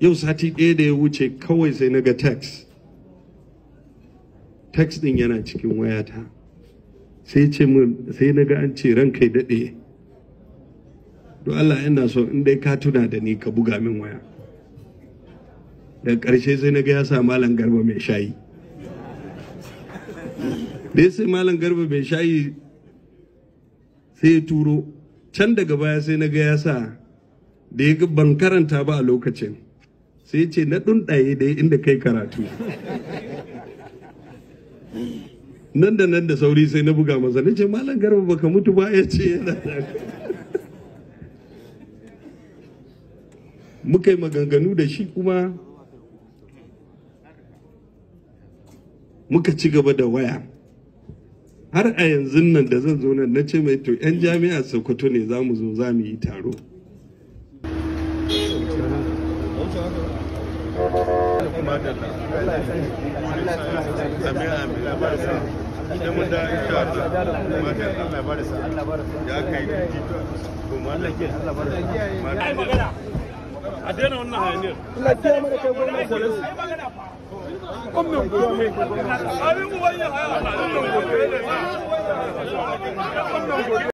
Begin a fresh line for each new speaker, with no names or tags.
yau sati ɗaya da ya wuce kawai sai na ga text text ɗin yana cikin wayata sai ce min sai na ga an ce ranka ya daɗe to Allah ina so in dai ka tuna da ni ka buga min waya daga ƙarshe sai na ga ya sa malam garba mai shayi da ya sai malam garba mai shayi sai ya turo can daga baya sai na ga ya sa da ya ban karanta ba a lokacin sai ce na ɗunɗaye da inda kai karatu nan da nan da sauri sai na buga masa na ce malam garba baka mutu ba ya ce yana muka yi maganganu da shi kuma muka ci gaba da waya har a yanzu nan da zan zo nan na ce mai to 'yan jami'a sokoto ne za mu zo za mu yi taro
idan mun da insha Allah matan Allah ba da sa ya kai to mallan ke Allah ba da sa a daina
wannan hayaniyar Allah ke mana
kai abin haya